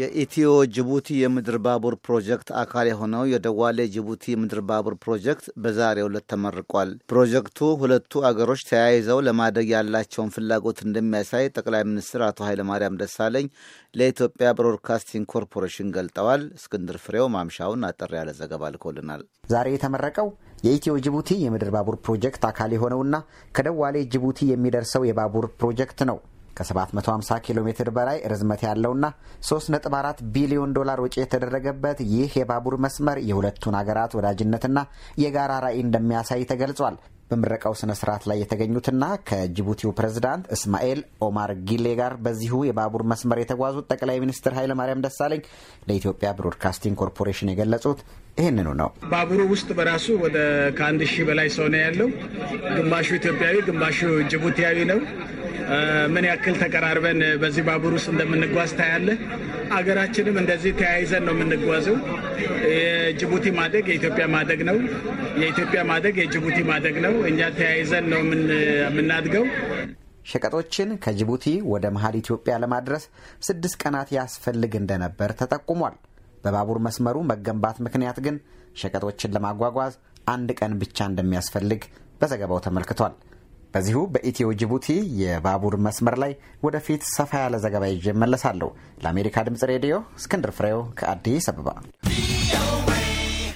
የኢትዮ ጅቡቲ የምድር ባቡር ፕሮጀክት አካል የሆነው የደዋሌ ጅቡቲ የምድር ባቡር ፕሮጀክት በዛሬው ዕለት ተመርቋል። ፕሮጀክቱ ሁለቱ አገሮች ተያይዘው ለማደግ ያላቸውን ፍላጎት እንደሚያሳይ ጠቅላይ ሚኒስትር አቶ ኃይለማርያም ደሳለኝ ለኢትዮጵያ ብሮድካስቲንግ ኮርፖሬሽን ገልጠዋል። እስክንድር ፍሬው ማምሻውን አጠር ያለ ዘገባ ልኮልናል። ዛሬ የተመረቀው የኢትዮ ጅቡቲ የምድር ባቡር ፕሮጀክት አካል የሆነውና ከደዋሌ ጅቡቲ የሚደርሰው የባቡር ፕሮጀክት ነው። ከ750 ኪሎ ሜትር በላይ ርዝመት ያለውና 3.4 ቢሊዮን ዶላር ወጪ የተደረገበት ይህ የባቡር መስመር የሁለቱን አገራት ወዳጅነትና የጋራ ራዕይ እንደሚያሳይ ተገልጿል። በምረቃው ስነ ስርዓት ላይ የተገኙትና ከጅቡቲው ፕሬዝዳንት እስማኤል ኦማር ጊሌ ጋር በዚሁ የባቡር መስመር የተጓዙት ጠቅላይ ሚኒስትር ኃይለማርያም ደሳለኝ ለኢትዮጵያ ብሮድካስቲንግ ኮርፖሬሽን የገለጹት ይህንኑ ነው። ባቡሩ ውስጥ በራሱ ወደ ከአንድ ሺህ በላይ ሰው ነው ያለው። ግማሹ ኢትዮጵያዊ፣ ግማሹ ጅቡቲያዊ ነው። ምን ያክል ተቀራርበን በዚህ ባቡር ውስጥ እንደምንጓዝ ታያለህ። አገራችንም እንደዚህ ተያይዘን ነው የምንጓዘው። የጅቡቲ ማደግ የኢትዮጵያ ማደግ ነው። የኢትዮጵያ ማደግ የጅቡቲ ማደግ ነው። እኛ ተያይዘን ነው የምናድገው። ሸቀጦችን ከጅቡቲ ወደ መሀል ኢትዮጵያ ለማድረስ ስድስት ቀናት ያስፈልግ እንደነበር ተጠቁሟል። በባቡር መስመሩ መገንባት ምክንያት ግን ሸቀጦችን ለማጓጓዝ አንድ ቀን ብቻ እንደሚያስፈልግ በዘገባው ተመልክቷል። በዚሁ በኢትዮ ጅቡቲ የባቡር መስመር ላይ ወደፊት ሰፋ ያለ ዘገባ ይዤ እመለሳለሁ። ለአሜሪካ ድምፅ ሬዲዮ እስክንድር ፍሬው ከአዲስ አበባ